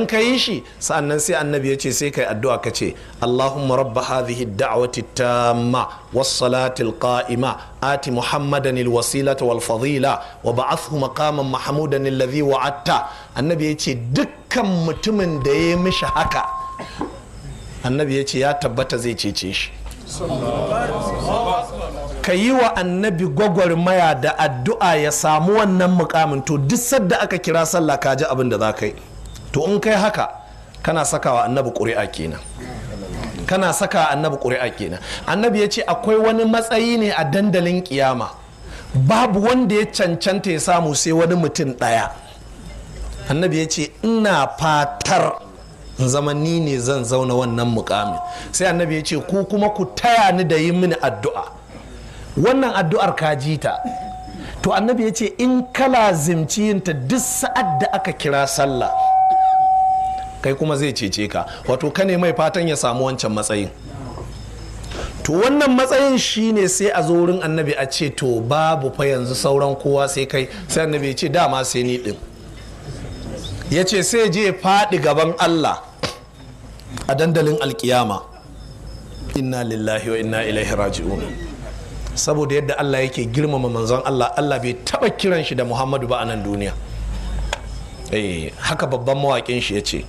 in ka yi shi sa'annan sai annabi ya ce sai kai addu'a ka ce Allahumma rabba hadhihi da'wati tamma was salati qa'ima ati muhammadan al wasilata wal fadila wa ba'athu maqaman mahmudan alladhi wa'atta annabi ya ce dukkan mutumin da ya mishi haka annabi ya ce ya tabbata zai cece shi ka yi wa annabi gwagwarmaya da addu'a ya samu wannan mukamin to duk sadda aka kira sallah ka ji abin da za ka yi to in kai haka kana sakawa annabi ƙuri'a kenan kana saka annabi ƙuri'a kenan annabi ya ce akwai wani matsayi ne a dandalin kiyama babu wanda ya cancanta ya samu sai wani mutum ɗaya annabi ya ce ina fatar zamani ne zan zauna wannan mukamin sai annabi ya ce ku kuma ku taya ni da yi mini addu'a wannan addu'ar ka ji ta to annabi ya ce in ka lazimci yinta duk sa'ad da aka kira sallah kai kuma zai cece ka wato ka ne mai fatan ya samu wancan matsayin to wannan matsayin shine sai a zo wurin annabi a ce to babu fa yanzu sauran kowa sai kai sai annabi ya ce dama sai ni din ya ce sai je faɗi gaban Allah a dandalin alkiyama inna lillahi wa inna ilaihi raji'un saboda yadda Allah yake girmama manzon Allah Allah bai taba kiran shi da Muhammadu ba a nan duniya eh haka babban mawaƙin shi ya ce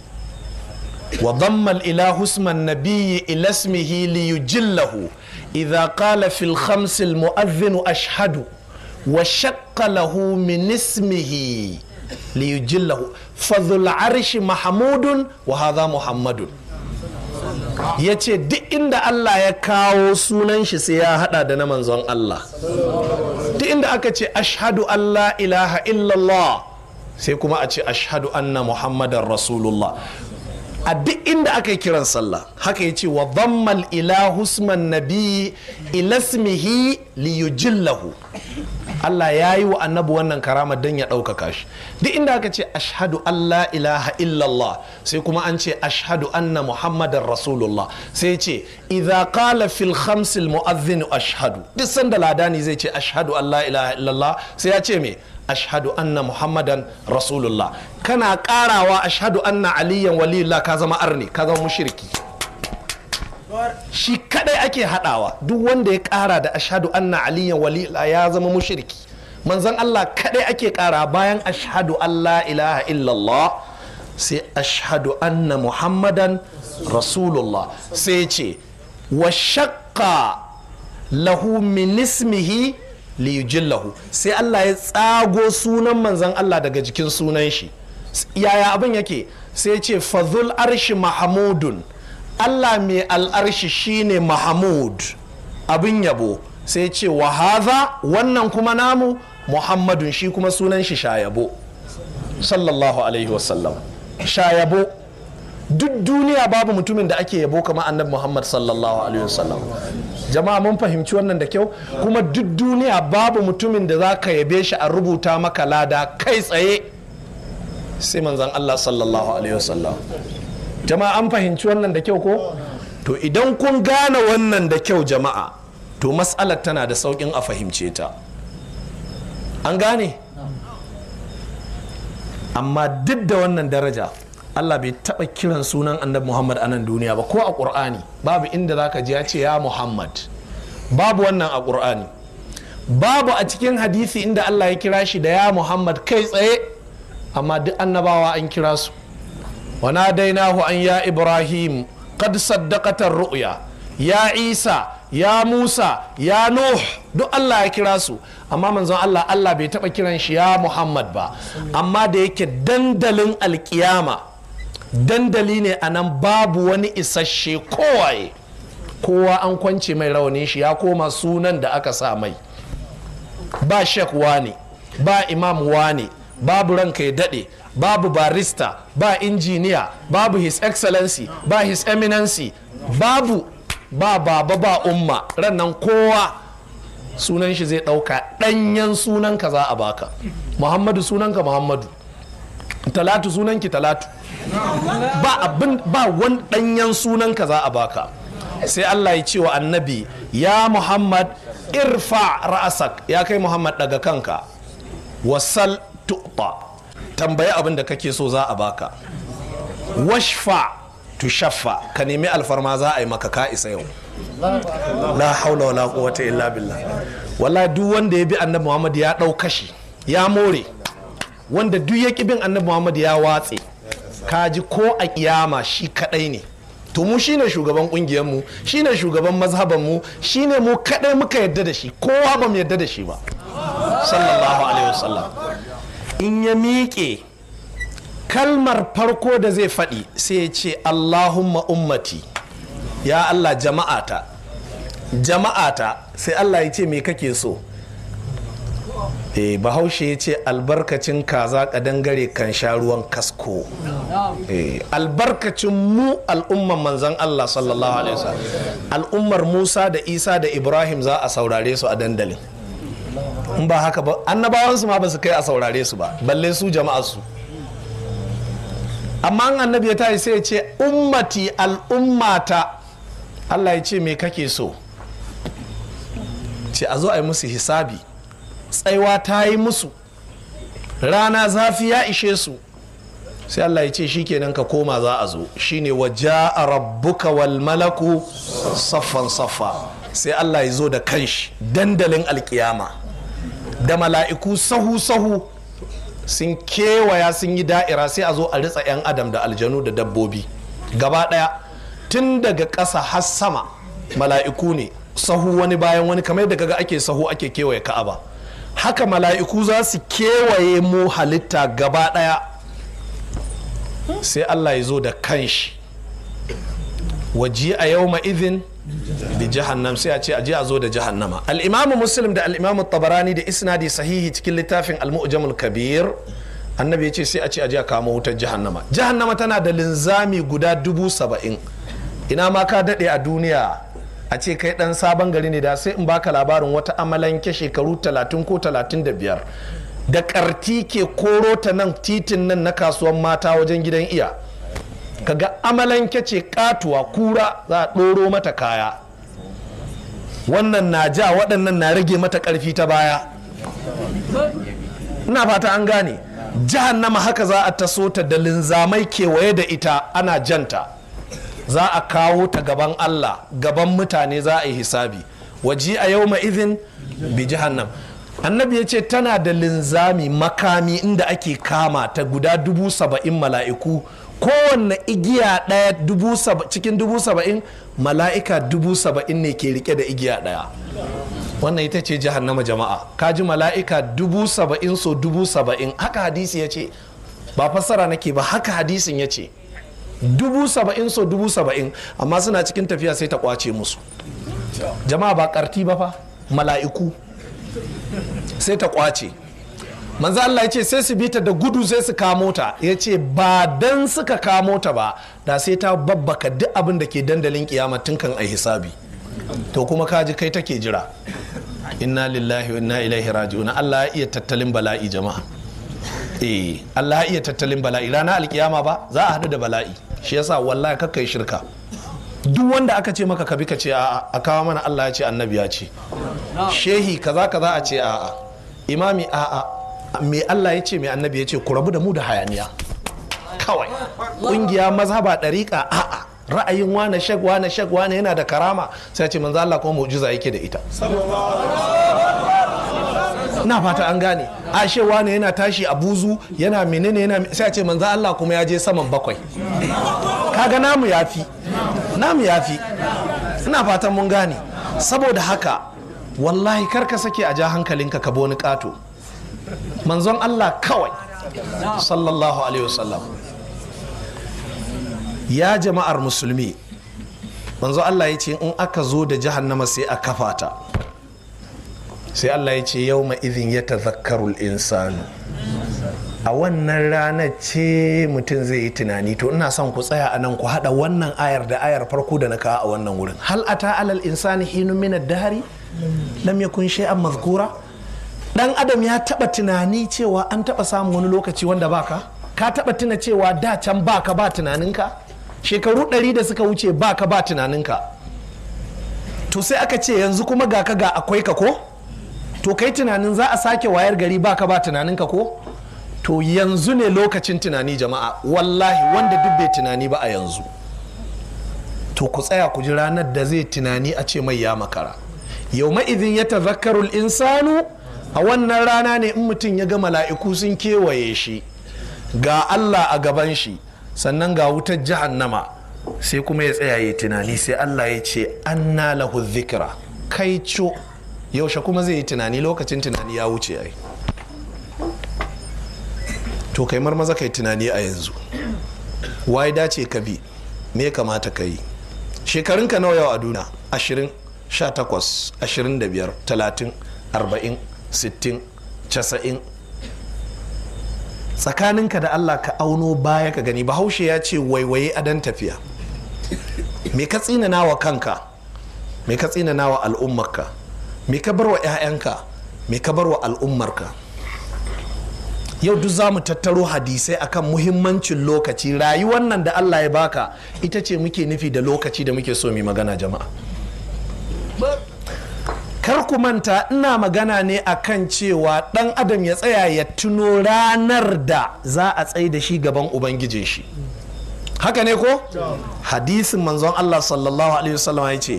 wa dhamma ila husman nabiyyi ila ismihi li yujillahu idha qala fil khams al mu'adhdhin ashhadu wa shaqqa lahu min ismihi li yujillahu fadhul arshi mahmudun wa hadha muhammadun ya ce duk inda Allah ya kawo sunan shi sai ya hada da na manzon Allah duk inda aka ce ashhadu Allah ilaha illallah sai kuma a ce ashhadu anna muhammadan rasulullah a duk inda aka yi kiran sallah haka ya ce wa zammal ila husman nabi ilasmihi liyujillahu Allah ya yi wa annabi wannan karama don ya ɗaukaka shi duk inda aka ce ashadu Allah ilaha illallah sai kuma an ce ashhadu anna muhammadan rasulullah sai ce idza qala fil khamsil mu'adhdhin ashadu. duk sanda ladani zai ce ashadu Allah ilaha illallah sai ya ce me ashhadu anna muhammadan rasulullah kana karawa ashhadu anna aliyan waliyullah ka zama arni ka zama mushriki shi kadai ake hadawa duk wanda ya kara da ashhadu anna aliyan waliyullah ya zama mushriki manzon Allah kadai ake kara bayan ashhadu Allah ilaha illallah sai ashhadu anna muhammadan rasulullah sai ce wa shakka lahu min ismihi liyujillahu sai Allah ya tsago sunan manzan Allah daga jikin sunan shi yaya abin yake sai ce fazul arshi mahamudun Allah mai al'arshi shine mahamud abin yabo sai ce wa wannan kuma namu muhammadun shi kuma sunan shi sha yabo. sallallahu alaihi wasallam yabo. duk duniya babu mutumin da ake yabo kamar annabi muhammad sallallahu alaihi wasallam jama'a mun fahimci wannan da kyau kuma duk duniya babu mutumin da za ka yabe shi a rubuta maka lada kai tsaye sai manzan allah sallallahu alaihi wasallam jama'a an fahimci wannan da kyau ko to idan kun gane wannan da kyau jama'a to matsalar tana da saukin a fahimce ta an gane amma duk da wannan daraja Allah bai taɓa kiran sunan annabi Muhammad a nan duniya ba ko a ƙur'ani babu inda zaka ji ya ce ya Muhammad babu wannan a ƙur'ani babu a cikin hadisi inda Allah ya kira shi da ya Muhammad kai tsaye amma duk annabawa an kira su wana dainahu an ya Ibrahim qad saddaqata ru'ya ya Isa ya Musa ya Nuh duk Allah ya kira su amma manzon Allah Allah bai taɓa kiran shi ya Muhammad ba amma da yake dandalin alkiyama dandali ne a nan babu wani isasshe kowaye kowa an kwance mai rawanin shi ya koma sunan da aka sa mai ba shek ne ba imam wane babu ranka ya daɗe babu barista ba injiniya babu his excellency ba his eminency babu ba baba ba umma rannan kowa sunan shi zai ɗauka ɗanyen sunanka za a baka muhammadu sunanka muhammadu talatu sunanki talatu ba ba wani ɗanyen sunan ka za a baka sai Allah ya ce wa annabi ya Muhammad irfa ra'asak ya kai Muhammad daga kanka wasal tuɓa tambayi abin da kake so za a baka washfa shafa. ka nemi alfarma za a yi maka ka isa yau la haula wala quwwata illa billah wala duk wanda ya bi annabi Muhammad ya ɗau kashi ya more wanda duk ya bin annabi Muhammad ya watse kaji ko a kiyama shi kadai ne to mu shine shugaban kungiyar mu shine shugaban mazhaban mu shine mu kadai muka yadda da shi Ko ba mu yadda da shi ba sallallahu alaihi wasallam in ya miƙe kalmar farko da zai faɗi sai ya ce allahumma ummati ya allah jama'ata jama'ata sai allah ya ce me kake so e bahaushe ya ce albarkacin kaza kadangare kan sha ruwan kasko eh, albarkacin mu al'ummar manzan Allah sallallahu alaihi wasallam al'ummar Musa da Isa da Ibrahim za a saurare su a dandalin in ba haka ba annabawansu ma ba su kai a saurare su ba balle su jama'a su amma annabi ya tayi sai ya ce ummati al'ummata Allah ya ce me kake so ce a zo a yi musu hisabi tsaiwa ta yi musu rana zafi ya ishe su sai Allah ya ce shi kenan ka koma za a zo shi shine waja rabbuka wal malaku saffan saffa sai Allah ya zo da kanshi dandalin alkiyama da mala'iku sahu sahu sun kewaya sun yi da'ira sai a zo a ritsa 'yan adam da aljanu da dabbobi gaba daya tun daga ƙasa har sama mala'iku ne sahu wani bayan wani kamar da kaga ake sahu ake kewaye ka'aba haka mala'iku za su kewaye mu halitta gaba ɗaya sai allah ya zo da kanshi waji a yau izin da jahannam sai a ce a zo da jahannama al'imamu muslim da al'imamu tabarani da isnadi sahihi cikin littafin al-mu'jamul kabir annabi ya ce sai a ce aje a wutar jahannama jahannama tana da linzami guda dubu saba'in ina ma ka daɗe a duniya a ce kai dan sabon gari ne da sai in baka labarin wata amalanke shekaru 30 ko 35 da karti ke koro ta nan titin nan na kasuwan mata wajen gidan iya kaga amalanke ce katuwa kura za a ɗoro mata kaya wannan na ja waɗannan na rage mata ƙarfi ta baya ina fata an gane nama haka za a taso ta da linzamai kewaye da ita ana janta za a kawo ta gaban Allah gaban mutane za a yi hisabi waji a yau maizin bi jihannam annabi ya ce tana da linzami makami inda ake kama ta guda dubu saba'in mala'iku kowanne igiya ɗaya cikin dubu saba'in mala'ika dubu saba'in ne ke rike da igiya ɗaya wannan ita ce jahannama jama'a Ka ji mala'ika dubu saba'in so dubu saba'in haka hadisi ya ce ba fassara nake ba haka hadisin ya ce dubu saba'in so dubu saba'in amma suna cikin tafiya sai ta kwace musu jama'a ba karti ba fa mala'iku sai ta kwace manzo Allah ya ce sai su bita da gudu sai su kamo ta ya ce ba dan suka kamo ta ba da sai ta babbaka duk abin da ke dandalin kiyama tun kan a hisabi to kuma kaji kai take jira inna lillahi wa inna ilaihi raji'un Allah ya iya tattalin bala'i jama'a eh Allah ya iya tattalin bala'i rana alkiyama ba za a hadu da bala'i shi yasa wallahi kakkai shirka duk wanda aka ce maka kabi ka ce a'a a kawo mana Allah ya ce annabi ya ce shehi kaza kaza a ce a'a imami a'a me Allah ya ce me annabi ya ce ku rabu da mu da hayaniya kawai kungiya mazhaba dariƙa a'a ra'ayin wane shag wane shag wane yana da karama sai ce manzo Allah kuma mu'jiza yake da ita na fata an gane ashe wane yana tashi a buzu yana menene yana sai a ce manzo Allah kuma ya je saman bakwai kaga namu yafi namu yafi ina fatan mun gane saboda haka wallahi kar ka sake a ja hankalinka ka boni kato manzon Allah kawai sallallahu alaihi wasallam ya jama'ar musulmi manzo Allah ya ce in aka zo da jahannama sai a kafata sai Allah ya ce yau ma izin ya tazakkarul insanu a wannan ranar ce mutum zai yi tunani to ina son ku tsaya a nan ku haɗa wannan ayar da ayar farko da na kawo a wannan wurin hal ata alal insani hinu min dahari lam yakun shay'an mazkura dan adam ya taba tunani cewa an taba samun wani lokaci wanda baka ka taba tuna cewa da can baka ba tunaninka shekaru ɗari da suka wuce baka ba tunaninka to sai aka ce yanzu kuma ga ka ga akwai ka ko to kai tunanin za a sake wayar gari baka ba tunaninka ko to yanzu ne lokacin tunani jama'a wallahi wanda duk bai tunani ba a yanzu to ku tsaya ku ji ranar da zai tunani a ce mai ya makara yau ma'izin ya tazakkarul insanu a wannan rana ne in mutum ya ga mala'iku sun kewaye shi ga allah a gaban shi sannan ga wutar jahannama sai kuma ya tsaya ya tunani sai allah ya ce anna lahu zikira kai co yaushe kuma zai yi tunani lokacin tunani ya wuce ai to kai marmaza kai tunani a yanzu wai dace ka bi me kamata ka yi shekarunka nawa yau a duna 20 18 25 30 40 60 90 tsakaninka da allah ka auno baya ka gani bahaushe ya ce waiwaye a dan tafiya me ka tsinana wa kanka me ka tsinana wa al'ummarka me ka bar wa 'ya'yanka me ka bar wa al'ummarka yau duk za mu tattaro hadisai akan muhimmancin lokaci rayuwar nan da allah ya baka ita ce muke nufi da lokaci da muke so mu magana jama'a kar ku manta ina magana ne akan cewa dan adam ya tsaya ya tuno ranar da za a tsaye da shi gaban ubangijin shi haka ne ko hadisin manzon Allah sallallahu alaihi wasallam ya ce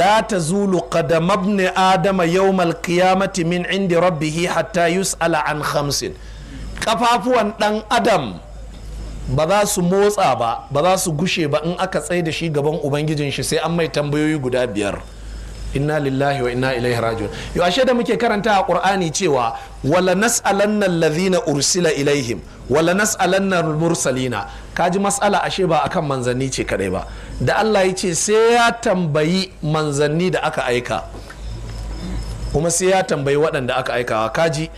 la tazulu qadam ibn adama yawmal qiyamati min indi rabbih hatta yus'ala an khamsin kafafuwan dan adam ba za su motsa ba ba za su gushe ba in aka tsaye da shi gaban ubangijin shi sai an mai tambayoyi guda biyar inna lillahi wa inna ilaihi rajiun yau ashe da muke karanta a qur'ani cewa wala nas'alanna alladhina ursila ilaihim wala nas'alanna al-mursalina kaji mas'ala ashe ba akan manzanni ce kadai ba da Allah ya ce sai ya tambayi manzanni da aka aika kuma sai ya tambayi waɗanda aka aikawa kaji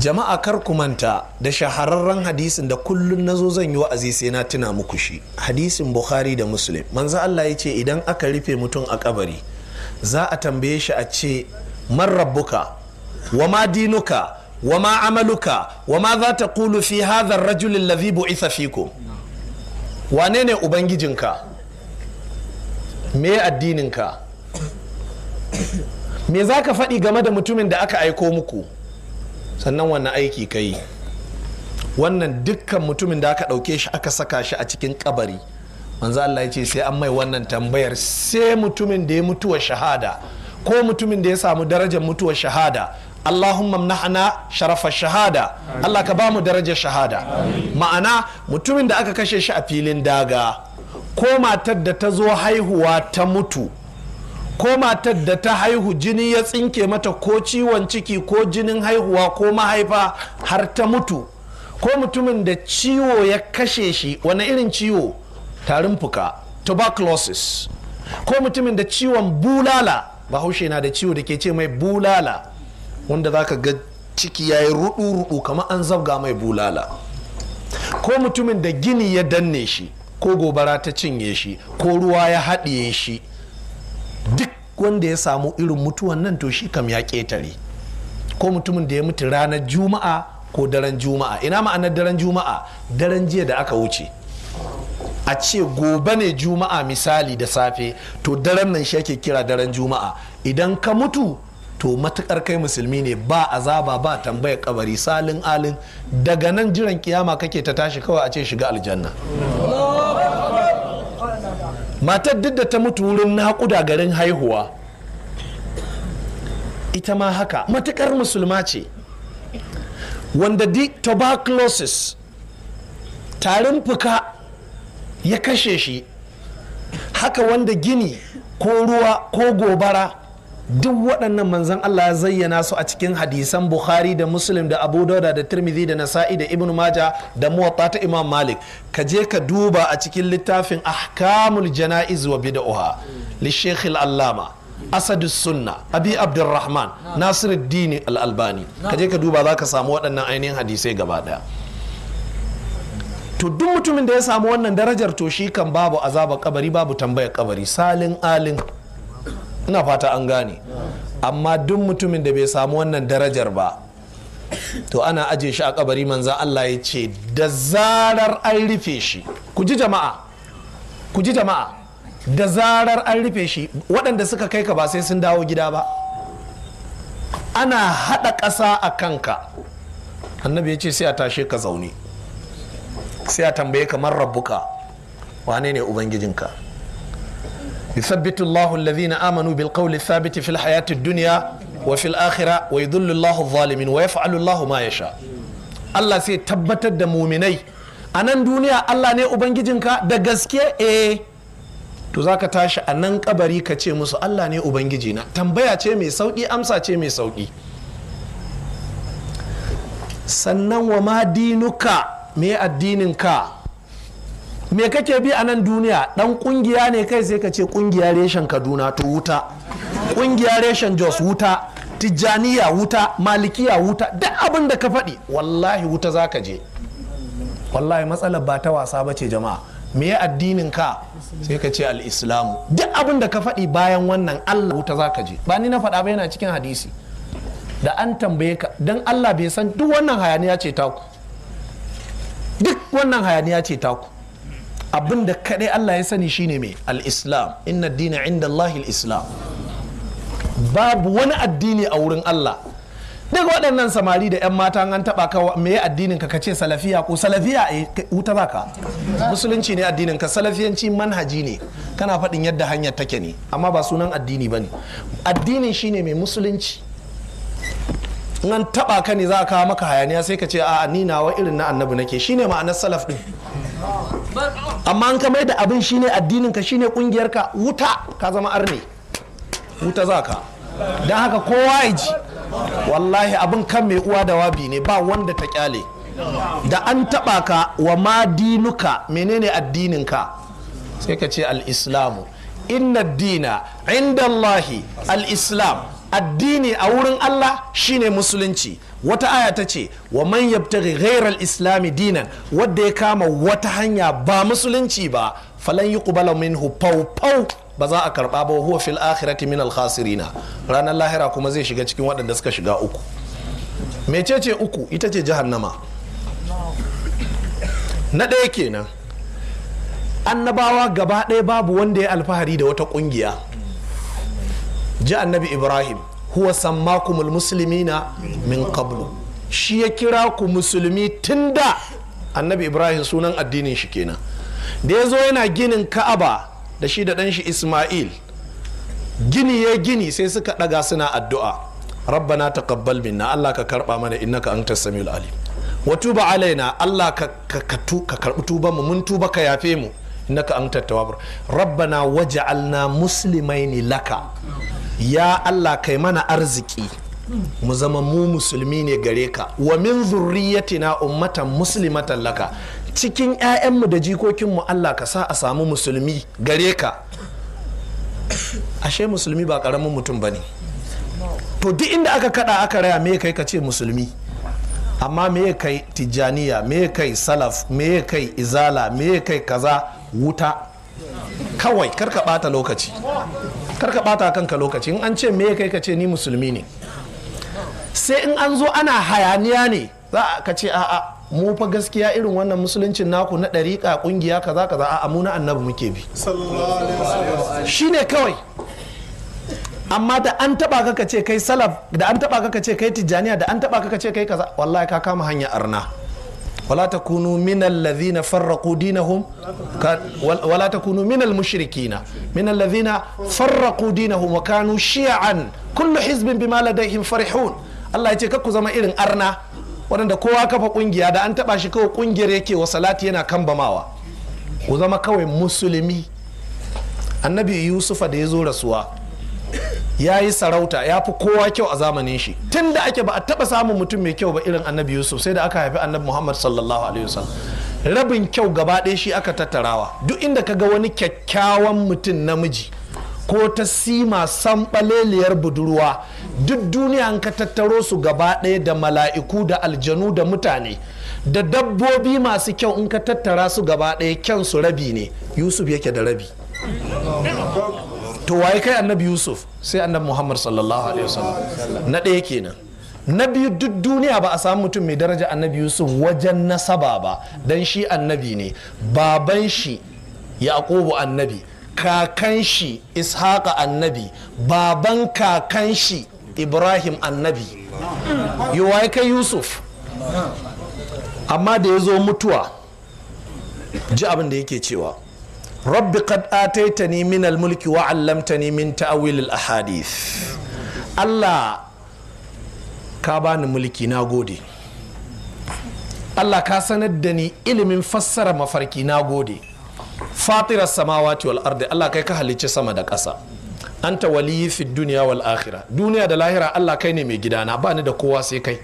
jama'a kar ku manta da shahararren hadisin da kullun nazo zan yi wa'azi sai na tuna muku shi hadisin bukhari da muslim manzo Allah ya ce idan aka rufe mutum a kabari za a tambaye shi a ce man rabbuka wa ma dinuka wa ma amaluka wa ma za ta kulu fi rajulin ar-rajul alladhi bu'itha fikum wane ne ubangijinka me addininka me za ka faɗi game da mutumin da aka aiko muku sannan wannan aiki ka yi wannan dukkan mutumin da aka ɗauke shi aka saka shi a cikin kabari manzo Allah ya ce sai an mai wannan tambayar sai mutumin da ya mutuwa shahada ko mutumin da ya samu darajar mutuwar shahada Allahumma mnahana sharafa shahada Allah ka bamu darajar shahada ma'ana mutumin da aka kashe shi a filin daga ko matar da ta zo haihuwa ta mutu ko matar da ta haihu jini ya tsinke mata ko ciwon ciki ko jinin haihuwa ko mahaifa har ta mutu ko mutumin da ciwo ya kashe shi wani irin ciwo tarin fuka tuberculosis ko mutumin da ciwon bulala bahaushe na da ciwo da ke ce mai bulala wanda za ka ga ciki ya yi rudu-rudu kamar an zabga mai bulala ko mutumin da gini ya danne shi ko gobara ta cinye shi ko ruwa ya haɗiye shi duk wanda ya samu irin mutuwan nan to shi kam ya ketare ko mutumin da ya mutu ranar juma'a ko daren juma'a ina ma'anar daren juma'a daren jiya da aka wuce a ce gobe ne juma'a misali da safe to daren nan shi ake kira daren juma'a idan ka mutu to matukar kai musulmi ne ba azaba ba tambayar kabari salin alin daga nan jiran kiyama kake ta tashi kawai a ce shiga aljanna matar duk da ta mutu wurin naƙuda garin haihuwa ita ma haka matuƙar musulma ce wanda di tuberculosis tarin fuka ya kashe shi haka wanda gini ko ruwa ko gobara duk waɗannan manzan Allah ya zayyana su a cikin hadisan Bukhari da Muslim da Abu Dauda da Tirmidhi da Nasa'i da Ibn Majah da Muwatta ta Imam Malik ka je ka duba a cikin littafin Ahkamul Jana'iz wa Bid'ah li Sheikh Al-Allama Asad Sunna Abi Abdurrahman Nasiruddin Al-Albani ka je ka duba za ka samu waɗannan ainihin hadisai gaba to duk mutumin da ya samu wannan darajar to shi kan babu azaba kabari babu tambayar kabari salin alin ina fata an gane amma duk mutumin da bai samu wannan darajar ba to ana aje shi a kabari manzan Allah ya ce da zarar an rufe shi ku ji jama'a ku ji jama'a da zarar an rufe shi waɗanda suka kai ka ba sai sun dawo gida ba ana haɗa ƙasa a kanka annabi ya ce sai a tashe ka zaune sai a tambaye kamar rabbuka wane ne ubangijinka يثبت الله الذين آمنوا بالقول الثابت في الحياة الدنيا وفي الآخرة ويذل الله الظالمين ويفعل الله ما يشاء الله سي تبتت دا أنا الدنيا الله ني أبنجدنك دا غسكي إيه to za ka tashi a nan kabari ka ce musu Allah ne Ubangiji na tambaya ce mai sauƙi amsa ce mai sauƙi sannan wa ma dinuka me addininka me kake bi a nan duniya dan kungiya ne kai sai ka ce kungiya reshen kaduna to wuta kungiya reshen jos wuta tijjaniya wuta malikiya wuta duk abin da ka faɗi wallahi wuta za ka je wallahi matsalar ba ta wasa ba ce jama'a me ya addinin ka sai ka ce al'islamu duk abin da ka faɗi bayan wannan allah wuta za ka je ba ni na faɗa ba yana cikin hadisi da an tambaye ka don allah bai san duk wannan hayaniya ce taku duk wannan hayaniya ce taku abin da kaɗai Allah ya sani shine mai al-islam inna dina inda Allah islam babu wani addini a wurin Allah duk waɗannan samari da 'yan mata an taɓa ka me addinin ka ce salafiya ko salafiya eh, a wuta baka musulunci ne addinin ka salafiyanci manhaji ne kana faɗin yadda hanyar take ne amma ba sunan addini ba ne addinin shine mai musulunci nan taɓa ka ne za a kawo maka hayaniya sai ka ce a ni nawa irin na annabi nake shine ma'anar salaf ɗin amma an kamar da abin shine addinin ka shine kungiyar ka wuta ka zama arne wuta za ka don haka kowa ya ji wallahi abin kan mai uwa da wabi ne ba wanda ta kyale da an taba ka wa ma dinuka menene addinin ka sai ka ce al-islamu inna dina inda Allahi al-islam addini a wurin Allah shine musulunci wata aya ta ce wa man yabta ghairal islami dinan wadda ya kama wata hanya ba musulunci ba falan yi bala minhu pau pau ba za a karba ba huwa fil akhirati min al khasirina ranar lahira kuma zai shiga cikin waɗanda suka shiga uku mecece uku ita ce jahannama na ɗaya kenan annabawa gaba ɗaya babu wanda ya alfahari da wata ƙungiya ji annabi ibrahim huwa musulmi na min qablu shi ya kira ku musulmi tun da annabi ibrahim sunan addinin shi kenan da ya zo yana ginin ka'aba da shi da ɗanshi ismail gini ya gini sai suka daga suna addu'a rabbana taqabbal minna allah ka karba mana innaka anta samiul alim wa tuba alaina allah ka karbi tuba mu mun tuba ka yafe mu innaka anta tawwabur rabbana waj'alna muslimaini laka ya Allah kai mana arziki mu zama mu musulmi ne gare ka wa min zurriyatina ummatan muslimatan laka cikin 'ya'yanmu da jikokinmu Allah ka sa a samu musulmi gare ka ashe musulmi ba karamin mutum ba ne to duk inda aka kada aka raya me kai ka ce musulmi amma me kai tijjaniya me kai salaf me kai izala me kai kaza wuta kawai karka bata lokaci kar ka bata kanka lokaci in an ce me kai ka ce ni musulmi ne sai in an zo ana hayaniya ne za ka ce a'a mu fa gaskiya irin wannan musuluncin naku na ɗariƙa ƙungiya kaza kaza a'a mu na annabi muke bi shine kawai amma da an taba ka ce kai salaf da an taba ka ce kai tijjaniya da an taba ka ka ce kai kaza wallahi ka kama hanyar arna wala kunu minal mushirikina farraqu dinahum wala takunu minal mushrikina minal ladhina farraqu dinahum wa kanu shi'an kullu hizbin bima ladaihim farihun Allah ya ce ku zama irin arna waɗanda kowa kafa kungiya da an taba shi kawai kungiyar yake wa salati yana kambamawa ku zama kawai musulmi annabi yusufa da ya zo rasuwa ya yi sarauta ya fi kowa kyau a zamanin shi tun da ake ba a taba samun mutum mai kyau ba irin annabi yusuf sai da aka haifi annabi muhammad sallallahu alaihi wasallam rabin kyau gaba ɗaya shi aka tattarawa duk inda ka ga wani kyakkyawan mutum namiji ko ta sima ɓaleliyar budurwa duk duniya an ka tattaro su gaba ɗaya da mala'iku da aljanu da mutane da dabbobi masu kyau in ka tattara su gaba ɗaya kyan su rabi ne yusuf yake da rabi to waye kai annabi yusuf sai annabi muhammad sallallahu alaihi wasallam na ɗaya kenan na biyu duk duniya ba a samu mutum mai daraja annabi yusuf wajen nasaba ba dan shi annabi ne baban shi yaqubu annabi kakan shi ishaqa annabi baban kakan shi ibrahim annabi yi waye kai yusuf amma da ya zo mutuwa ji abin da yake cewa rabbi qad ataitani min al-mulki wa 'allamtani min ta'wil al-ahadith Allah ka bani mulki na gode Allah ka sanar da ni ilimin fassara mafarki na gode fatirar samawati wal ardi Allah kai ka halicci sama da ƙasa anta waliyyi fi duniya wal akhira duniya da lahira Allah kai ne mai gidana bani da kowa sai kai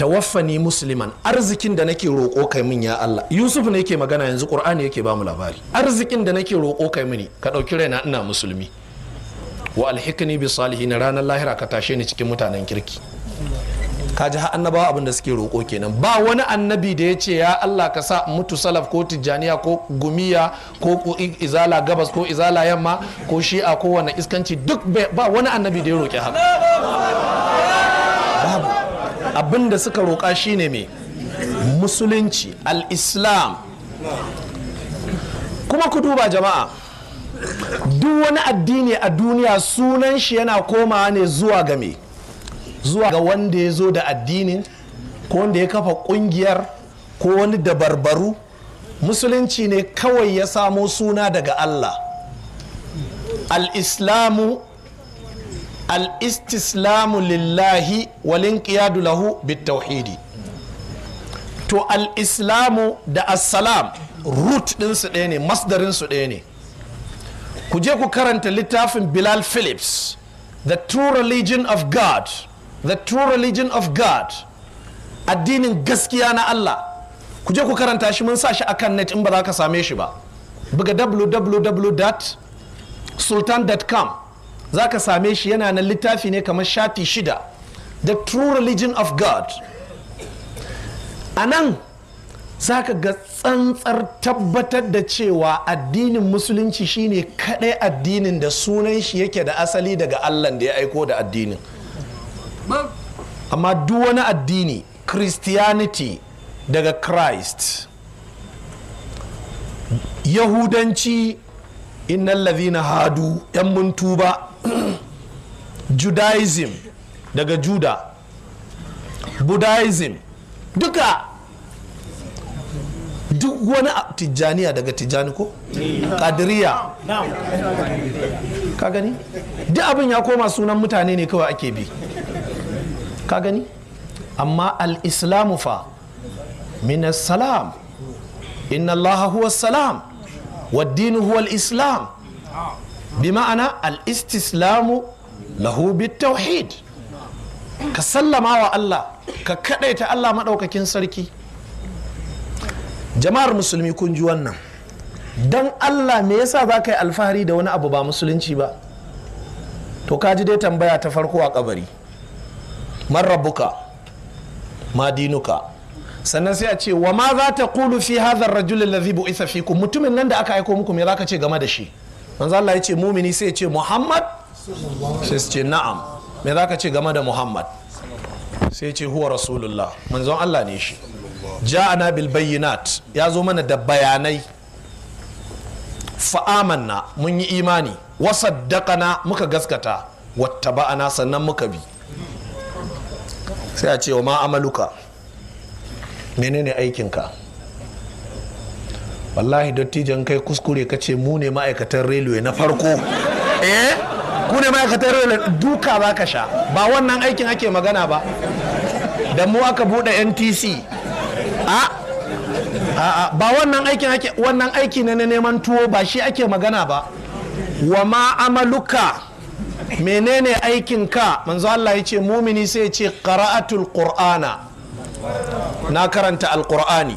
tawaffani musliman arzikin da nake roƙo kai min ya Allah Yusuf ne yake magana yanzu Qur'ani yake ba mu labari arzikin da nake roƙo kai mini ka ɗauki raina ina musulmi wa alhikni bi salihin ranar lahira ka tashe ni cikin mutanen kirki ka ji har annabawa abin da suke roƙo kenan ba wani annabi da ya ce ya Allah ka sa mutu salaf ko tijjaniya ko gumiya ko izala gabas ko izala yamma ko shi'a ko wani iskanci duk ba wani annabi da ya roƙi haka abin da suka roƙa shine mai musulunci al-islam kuma ku duba jama'a duk wani addini a duniya sunan shi yana komawa ne zuwa ga me zuwa ga wanda ya zo da addinin ko wanda ya kafa ƙungiyar, ko wani dabarbaru musulunci ne kawai ya samo suna daga allah Al'islamu. al-istislamu lillahi walin ƙiyadu lahu bitauhidi to al-islamu da assalam root ɗinsu ɗaya ne masdarinsu ɗaya ne ku je ku karanta littafin bilal phillips the true religion of god the true religion of god addinin gaskiya na allah ku je ku karanta shi mun sa shi a kan net in ba za ka same shi ba buga www.sultan.com za ka same shi yana nan littafi ne kamar shafi shida the true religion of god a nan za ka ga tsantsar tabbatar da cewa addinin musulunci shine kadai addinin da sunan shi yake da asali daga allah da ya aiko da addinin amma duk wani addini christianity daga christ yahudanci innan na hadu 'yan mun tuba judaism daga juda budaism duka duk wani tijjaniya daga tijjani ko kadiriya ka gani duk abin ya koma sunan mutane ne kawai ake bi ka gani amma al-islamu fa min salam inna allaha huwa salam wa huwa al-islam bi ma'ana al-istislamu lahu tauhid ka sallama wa Allah ka ta Allah maɗaukakin sarki jama'ar musulmi kun ji wannan dan Allah me yasa za yi alfahari da wani abu ba musulunci ba to ka ji dai tambaya ta farko a kabari man rabbuka ma dinuka sannan sai a ce wa ma za ta kulu fi hadhar rajul allazi bu'itha fikum mutumin nan da aka aiko muku me za ka ce game da shi manzo Allah ya ce mumini sai ce Muhammad sai su ce na'am me zaka ce game da Muhammad sai ce huwa rasulullah manzon Allah ne shi ja'ana bil bayyinat ya zo mana da bayanai fa'amanna mun yi imani dakana muka gaskata wattaba'ana sannan muka bi sai a ce wa ma amaluka menene aikinka wallahi dattijan kai kuskure ka ce mu ne ma'aikatan railway na farko eh ku ne ma'aikatan railway duka za ka sha ba wannan aikin ake magana ba da mu aka bude ntc a a ba wannan aikin ake wannan aiki ne na neman tuwo ba shi ake magana ba wa ma amaluka menene aikin ka manzo Allah ya ce mumini sai ya ce qara'atul qur'ana na karanta alqur'ani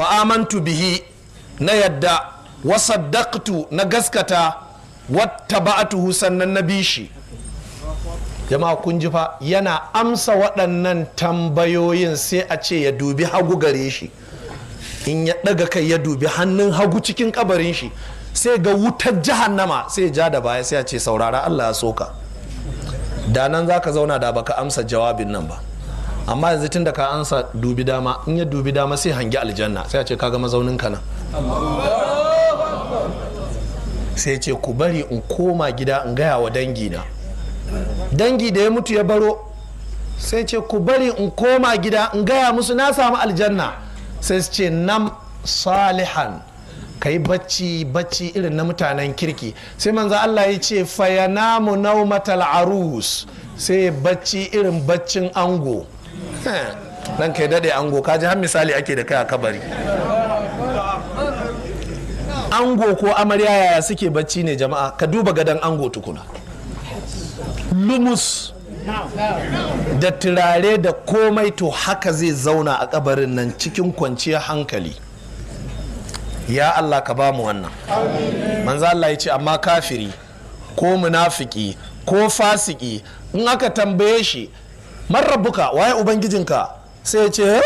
fa'amantu bihi na yadda wasaddaqtu na gaskata wata wattaba'atuhu sannan na bishi jama'a kun ji fa yana amsa waɗannan tambayoyin sai a ce ya dubi hagu gare shi in ya ɗaga kai ya dubi hannun hagu cikin ƙabarin shi sai ga wutar jahannama sai ja da baya sai a ce saurara Allah ya soka da nan za ka zauna da baka amsa jawabin nan ba amma yanzu tun da ka ansa dubi dama in ya dubi dama sai hangi aljanna sai a ce kaga mazaunin ka nan sai ce ku bari in koma gida in gaya wa dangi na dangi da ya mutu ya baro sai ce ku bari in koma gida in gaya musu na samu aljanna sai su ce nam salihan ka yi bacci bacci irin na mutanen kirki sai manzo Allah ya ce fayanamu naumatal arus sai bacci irin baccin ango nan eh, kai daɗe ango ka ji har misali ake da kai a kabari ango ko amarya yaya suke bacci ne jama'a ka duba gadon ango tukuna lumus da turare da komai to haka zai zauna a kabarin nan cikin kwanciyar hankali ya Allah ka ba mu wannan manzo Allah ya ce amma kafiri ko munafiki ko fasiki in aka tambaye shi man rabbuka waye ubangijinka sai ce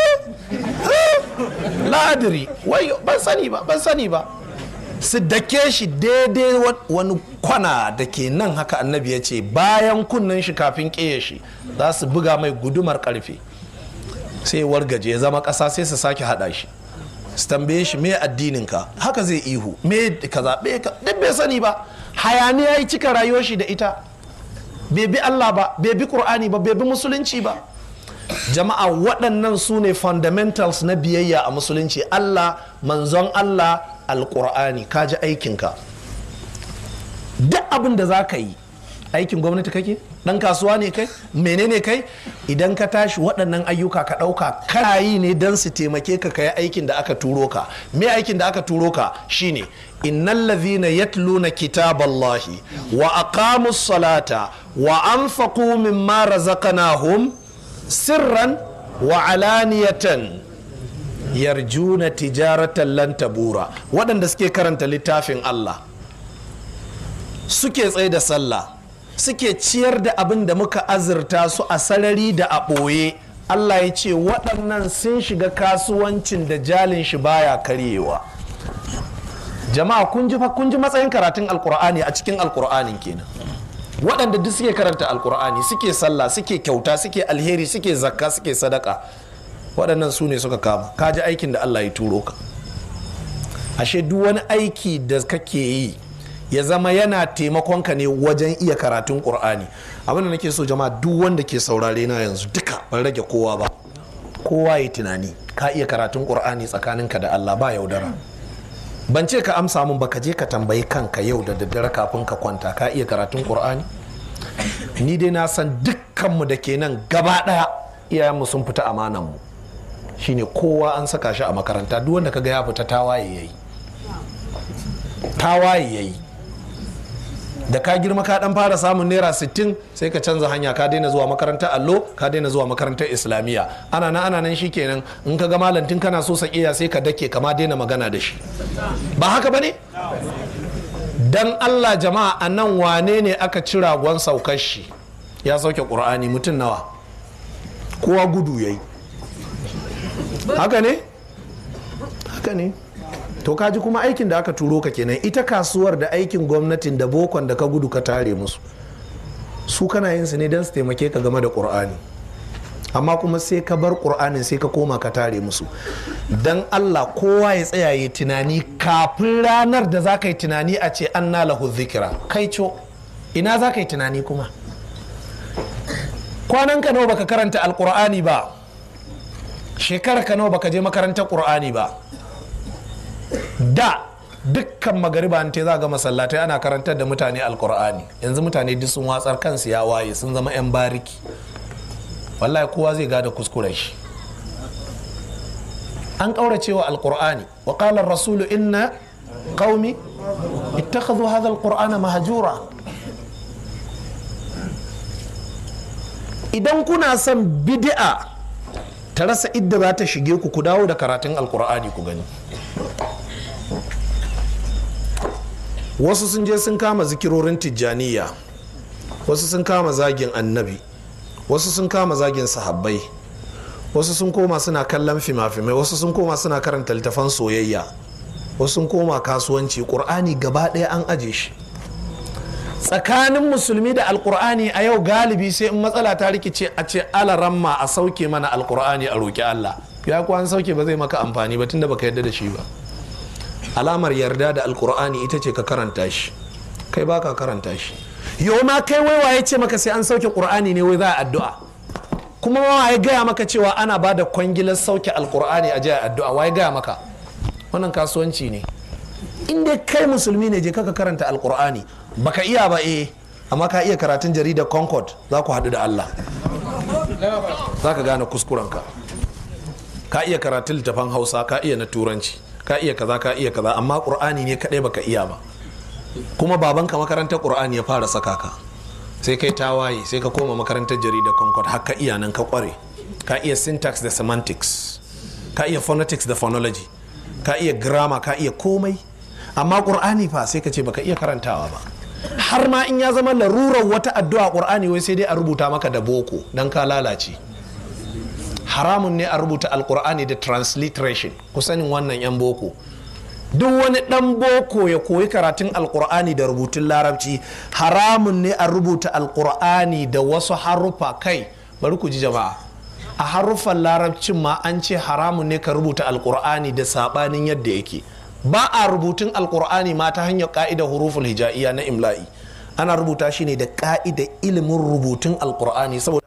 ladiri eh, eh, wai ban sani ba ban sani ba su dake shi daidai wani kwana da ke nan haka annabi ya ce bayan kunnen shi kafin ƙeye shi za su buga mai gudumar karfe sai wargaje ya zama ƙasa sai su sake haɗa shi su tambaye shi me addininka haka zai ihu me ka zaɓe ka duk bai sani ba hayaniya yi cika rayuwar shi da ita bai bi Allah ba bai bi Qur'ani ba bai bi musulunci ba jama'a waɗannan su ne fundamentals na biyayya a musulunci Allah manzon Allah alƙur'ani ka ji aikinka duk abin da za ka yi aikin gwamnati kake dan kasuwa ne kai menene kai idan ka tashi waɗannan ayyuka ka ɗauka kana yi ne don su taimake ka kai aikin da aka turo ka me aikin da aka turo ka shine innal ladhina yatluna kitaballahi wa aqamus salata wa anfaqu mimma razaqnahum sirran wa alaniyatan yarjuna tijaratan lan tabura waɗanda suke karanta littafin Allah suke tsaye da sallah suke ciyar da abin da muka azurta su a sarari da a ɓoye Allah ya ce waɗannan sun shiga kasuwancin da jalin shi baya karyewa jama'a kun ji matsayin karatun alkur'ani a cikin alkur'anin kenan waɗanda duk suke karanta alkur'ani suke sallah suke kyauta suke alheri suke zakka suke sadaka waɗannan su ne suka kama ka ji aikin da Allah ya turo ka ashe duk wani aiki da kake yi ya zama yana taimakon ka ne wajen iya karatun ƙur'ani abinda nake so jama'a duk wanda ke saurare na yanzu duka ban rage kowa ba kowa ya tunani ka iya karatun tsakanin ka da Allah ba yaudara ban ce ka amsa mun ba ka je ka tambayi kanka yau da daddare kafin ka kwanta ka iya karatun ƙur'ani ni dai na san dukkanmu da ke nan gaba daya iyayenmu sun fita amanan mu shine kowa an saka shi a makaranta duk wanda ka ga ya fita tawaye yayi tawaye yayi da ka girma ka dan fara samun naira 60 sai ka canza hanya ka daina zuwa makarantar allo ka daina zuwa makarantar islamiyya ana nan ana nan shikenan in ka ga malantin kana so ya sai ka dake kama daina magana da shi ba haka bane dan Allah jama'a a nan wane ne aka ci ragon saukar shi ya sauke qur'ani mutum nawa kowa gudu yayi haka ne haka ne to kaji kuma aikin da aka turo ka kenan ita kasuwar da aikin gwamnatin da bokon da ka gudu ka tare musu su kana yin su ne don su taimake ka game da ƙur'ani amma kuma sai ka bar ƙur'anin sai ka koma ka tare musu don allah kowa ya tsaya ya tunani kafin ranar da za ka yi tunani a ce an na lahu zikira kai co ina za ka yi tunani kuma kwanan ka nawa baka karanta alƙur'ani ba shekarar ka nawa baka je makarantar ƙur'ani ba da dukkan magariba an za ga masallatai ana karantar da mutane alkur'ani yanzu mutane duk sun watsar kansu ya waye sun zama 'yan bariki wallahi kowa zai gada kuskuren shi an ƙauracewa alkur'ani wa ƙalar rasulu inna qaumi ittakhadhu hadha alqur'ana mahjura idan kuna son bid'a ta rasa idda za ta shige ku ku dawo da karatun alkur'ani ku gani wasu sun je sun kama zikirorin tijjaniya wasu sun kama zagin annabi wasu sun kama zagin sahabbai wasu sun koma suna kallon fima-fimai wasu sun koma suna karanta littafan soyayya wasu sun koma kasuwanci ƙur'ani gaba ɗaya an aje shi tsakanin musulmi da alƙur'ani a yau galibi sai in matsala ta rikice a ce alaramma a sauke mana alƙur'ani a roƙi allah ya kuwa an sauke ba zai maka amfani ba tunda baka yadda da shi ba alamar yarda da alkur'ani ita ce ka karanta shi kai baka karanta shi yau ma kai wai waye ce maka sai an sauke qur'ani ne wai za a addu'a kuma waye gaya maka cewa ana ba da kwangilar sauke alkur'ani a jiya addu'a waye gaya maka wannan kasuwanci ne in dai kai musulmi ne je ka karanta alkur'ani baka iya ba eh amma ka iya karatun jaridar concord za ku haɗu da allah za ka gane kuskurenka ka iya karatun littafan hausa ka iya na turanci ka iya kaza ka iya kaza amma qur'ani ne kadai baka iya ba kuma babanka makarantar qur'ani ya fara saka ka sai kai ta waye sai ka koma makarantar jarida concord haka iya nan ka kware ka iya syntax da semantics ka iya phonetics da phonology ka iya grammar ka iya komai amma qur'ani fa sai ka ce baka iya karantawa ba har ma in ya zama larurar wata addu'a qur'ani wai sai dai a rubuta maka da boko dan ka lalace haramun ne a rubuta alkur'ani da transliteration ku sanin wannan yan boko duk wani dan boko ya koyi karatun alkur'ani da rubutun larabci haramun ne a rubuta alkur'ani da wasu haruffa kai bari ku ji jama'a a haruffan larabcin ma an ce haramun ne ka rubuta alkur'ani da sabanin yadda yake ba a rubutun alkur'ani ma ta hanyar ka'idar huruful hijaiya na imla'i ana rubuta shi ne da ka'idar ilimin rubutun alkur'ani saboda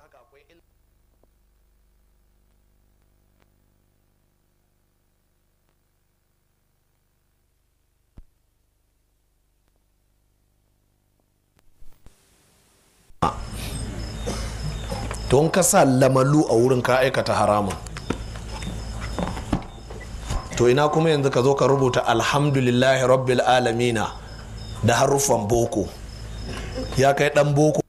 don ka sa lamalu a wurin ka aikata haramun to ina kuma yanzu ka zo ka rubuta alhamdulillahi rabbil alamina da haruffan boko ya kai dan boko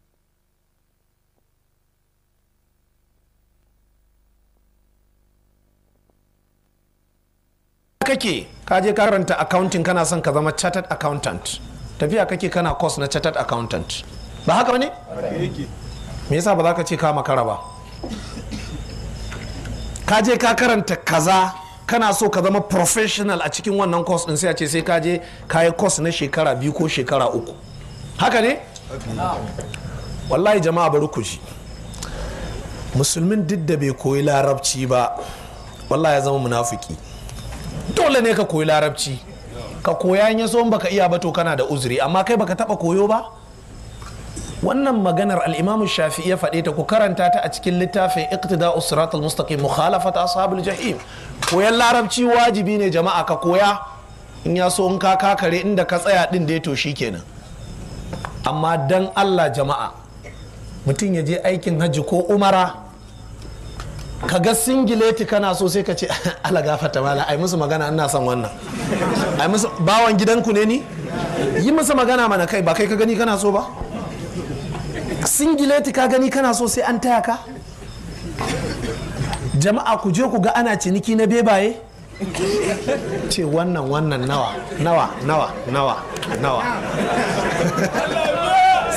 kake ka je karanta accounting kana son ka zama chartered accountant tafiya kake kana course na chartered accountant ba haka ne? me yasa ba za ka ce ka makara ba ka je ka karanta kaza kana so ka zama professional a cikin wannan course din sai a ce sai ka je ka yi course na shekara biyu ko shekara uku haka ne wallahi jama'a bari ku ji musulmin duk da bai koyi larabci ba wallahi ya zama munafiki dole ne ka koyi larabci ka koya in ya so baka iya ba to kana da uzuri amma kai baka taba koyo ba wannan maganar al'imamu shafi ya faɗe ta ku karanta ta a cikin littafin iktida usirat al-mustaqim mukhalafat ashabul jahim koyan larabci wajibi ne jama'a ka koya in ya so in ka kakare inda ka tsaya din da ya to kenan amma dan Allah jama'a mutum ya je aikin hajji ko umara ka ga singileti kana so sai ka ce ala gafata mala ai musu magana ina son wannan ai musu bawan gidanku ne ni yi musu magana mana kai ba kai ka gani kana so ba singileti ka gani kana so sai an taya ka jama'a ku je ku ga ana ciniki na bebaye ce wannan wannan nawa nawa nawa nawa nawa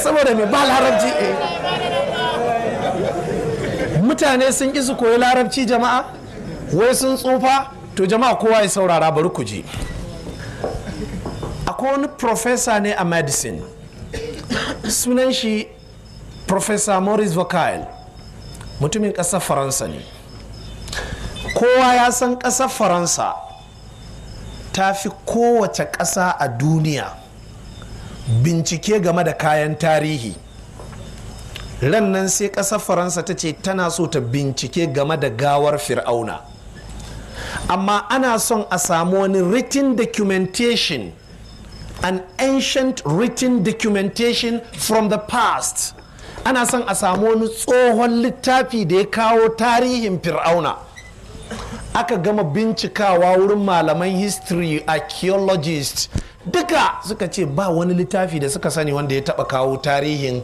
saboda mai ba larabci eh mutane sun isu koyi larabci jama'a wai sun tsufa to jama'a kowa ya saurara bari ku je akwai wani professor ne a medicine sunan shi professor maurice vocal mutumin ƙasar faransa ne kowa ya san ƙasar faransa ta fi kowace ƙasa a duniya bincike game da kayan tarihi rannan sai ƙasar faransa ta ce tana so ta bincike game da gawar fir'auna amma ana son a samu wani written documentation an ancient written documentation from the past ana son a samu wani tsohon littafi da ya kawo tarihin fir'auna aka gama bincikawa wurin malaman history archaeologist duka suka ce ba wani littafi da suka sani wanda ya taba kawo tarihin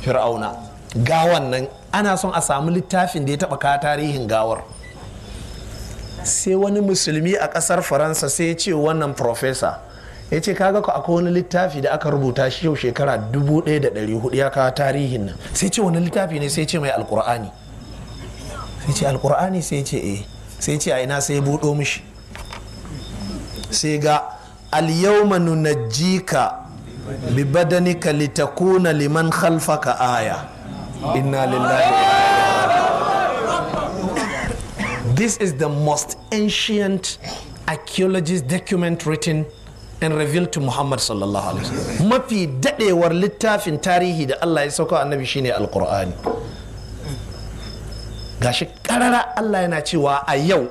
fir'auna gawan nan ana son a samu littafin da ya taba kawo tarihin gawar sai wani musulmi a kasar faransa sai ya ce wannan professor ya ce kaga ku akwai wani littafi da aka rubuta shi yau shekara 1400 ya kawo tarihin nan sai ce wani littafi ne sai ce mai alkur'ani sai ce alkur'ani sai ce eh sai ce a ina sai ya buɗo mishi sai ga alyawma nunajjika bi badanika litakuna liman khalfaka aya inna lillahi this is the most ancient archaeologist document written in reveal to Muhammad sallallahu alaihi wasallam mafi dadewar littafin tarihi da Allah ya sauka annabi shine alqur'ani gashi karara Allah yana cewa a yau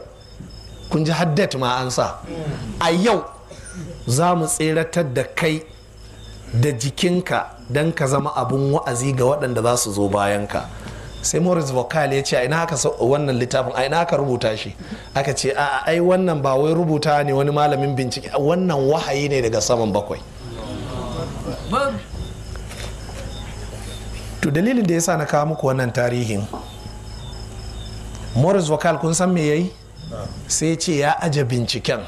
kun ji haddat ma an sa a yau za mu tseratar da kai da jikinka don ka zama abun wa'azi ga waɗanda za su zo bayanka sai morris vocal ya ce a ina aka wannan littafin a ina aka rubuta shi aka ce a ai wannan ba wai rubuta ne wani malamin bincike wannan wahayi ne daga saman bakwai to dalilin da ya sa na kawo muku wannan tarihin morris vocal kun san me yi sai ce ya aje binciken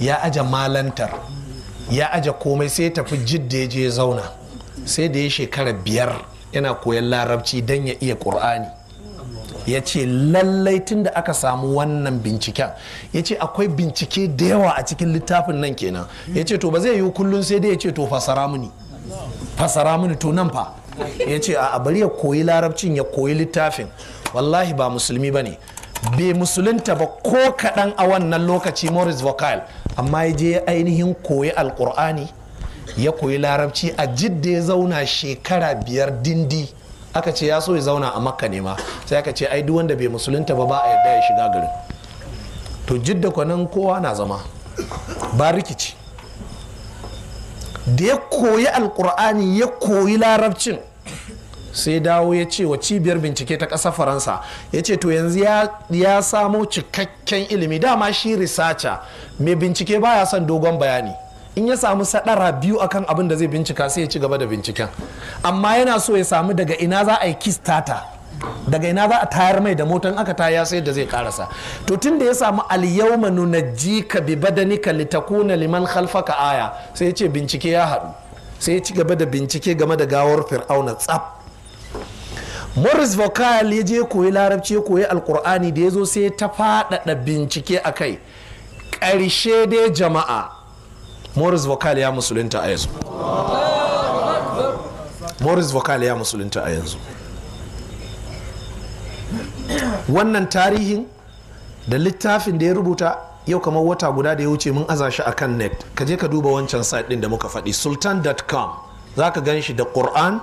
ya aje malantar ya aje komai sai tafi jidda ya je zauna sai da ya shekara biyar yana koyan larabci don ya iya ƙur'ani ya ce lallai tun da aka samu wannan binciken ya ce akwai bincike da yawa a cikin littafin nan kenan ya ce to ba zai yi kullum sai dai ya ce to fasara mini fasara mini to nan fa ya ce a bari ya koyi larabcin ya koyi littafin wallahi ba musulmi ba ne bai musulunta ba ko kaɗan a wannan lokaci morris vocal amma ya je ainihin koyi Alkur'ani. ya koyi larabci a jidda ya zauna shekara biyar dindi aka ce ya so ya zauna a makka ne ma sai aka ce ai duk wanda bai musulunta ba ba a yarda ya shiga garin to jidda kwanan kowa na zama ba rikici da ya koyi alkur'ani ya koyi larabcin sai dawo ya ce wa cibiyar bincike ta ƙasa faransa ya ce to yanzu ya samo cikakken ilimi dama shi risacha mai bincike baya son dogon bayani in ya samu sadara biyu akan abin da zai bincika sai ya ci gaba da binciken amma yana so ya samu daga ina za a yi kiss daga ina za a tayar mai da motan aka taya sai da zai karasa to tun da ya samu alyawma nunajjika bi badanika litakuna liman khalfaka aya sai ya ce bincike ya haɗu sai ya ci gaba da bincike game da gawar fir'auna tsaf morris vocal ya je koyi larabci ya koyi alkur'ani da ya zo sai ta faɗaɗa bincike a kai ƙarshe dai jama'a morris vocal ya musulunta a yanzu morris vocal ya musulunta a yanzu wannan tarihin da littafin da ya rubuta yau kamar wata guda da ya wuce mun aza shi kan net ka je ka duba wancan site din da muka faɗi sultan.com za ka gan shi da quran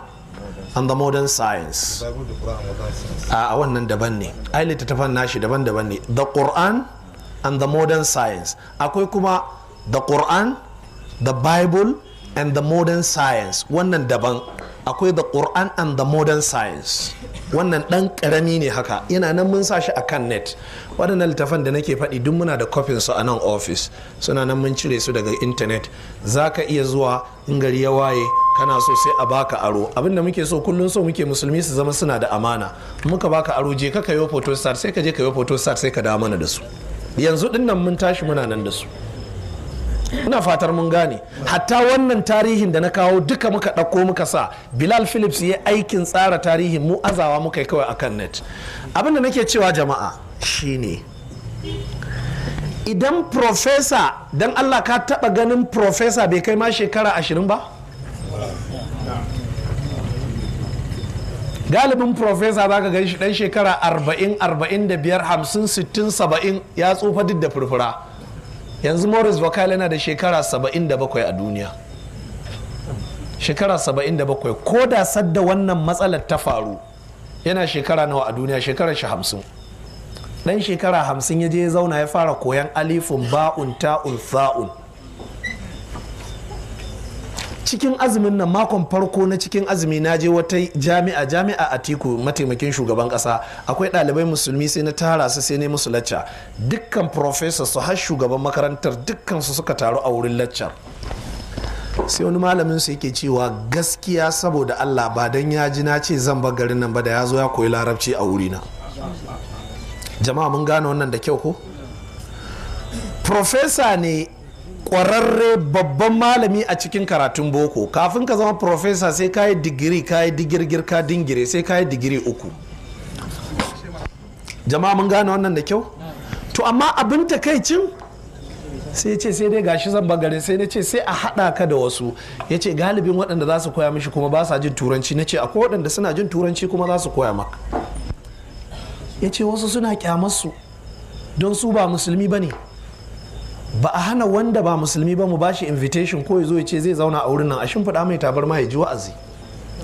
and the modern science a wannan daban ne ai littattafan nashi daban-daban ne the quran and the modern science akwai kuma the quran the bible and the modern science wannan daban akwai the quran and the modern science wannan dan karami ne haka yana nan mun sa shi a net waɗannan littafan da nake faɗi duk muna da kofin su a nan office suna nan mun cire su daga internet za ka iya zuwa in gari ya waye kana so sai a baka aro abin da muke so kullum so muke musulmi su zama suna da amana muka baka aro je ka kayo star sai ka je ka kayo star sai ka dawo mana da su yanzu dinnan mun tashi muna nan da su ina fatar mun gane hatta wannan tarihin da na kawo duka muka ɗauko muka sa bilal phillips ya aikin tsara tarihin mu azawa muka yi kawai a kan net abin da nake cewa jama'a shine idan profesa don allah ka taba ganin profesa bai kai ma shekara ashirin ba galibin profesa za ka gan shi ɗan shekara arba'in arba'in da biyar hamsin ya tsufa duk da furfura yanzu morris vocal yana da shekara 77 a duniya shekara 77 ko da sadda wannan matsalar ta faru yana shekara nawa a duniya shekara shi hamsin dan shekara hamsin ya je ya zauna ya fara koyan alifun ba'un ta'un tha'un cikin azumin nan makon farko na cikin azumi na je wata jami'a jami'a a tiku mataimakin shugaban kasa akwai ɗalibai musulmi sai na tara su sai ne musu lacca dukkan professor su har shugaban makarantar dukkan su suka taru a wurin laccar sai wani malamin su yake cewa gaskiya saboda Allah ba dan ya ji na ce zan bar garin nan ba da ya zo ya koyi larabci a wuri na jama'a mun gane wannan da kyau ko profesa ne Kwararre babban malami a cikin karatun boko kafin ka zama profesa sai ka yi digiri ka yi digirgir ka dingire sai ka yi digiri uku jama'a mun gane wannan da kyau to amma abin takaicin sai ce sai dai gashi zan bagare sai na ce sai a haɗa ka da wasu ya ce galibin waɗanda za su koya mishi kuma ba sa jin turanci na ce akwai waɗanda suna jin turanci kuma za su koya maka ya ce wasu suna kyamarsu don su ba musulmi ba ne ba a hana wanda ba musulmi ba mu bashi invitation ko ya zo ya ce zai zauna a wurin nan a shimfiɗa mai ma ya ji wa'azi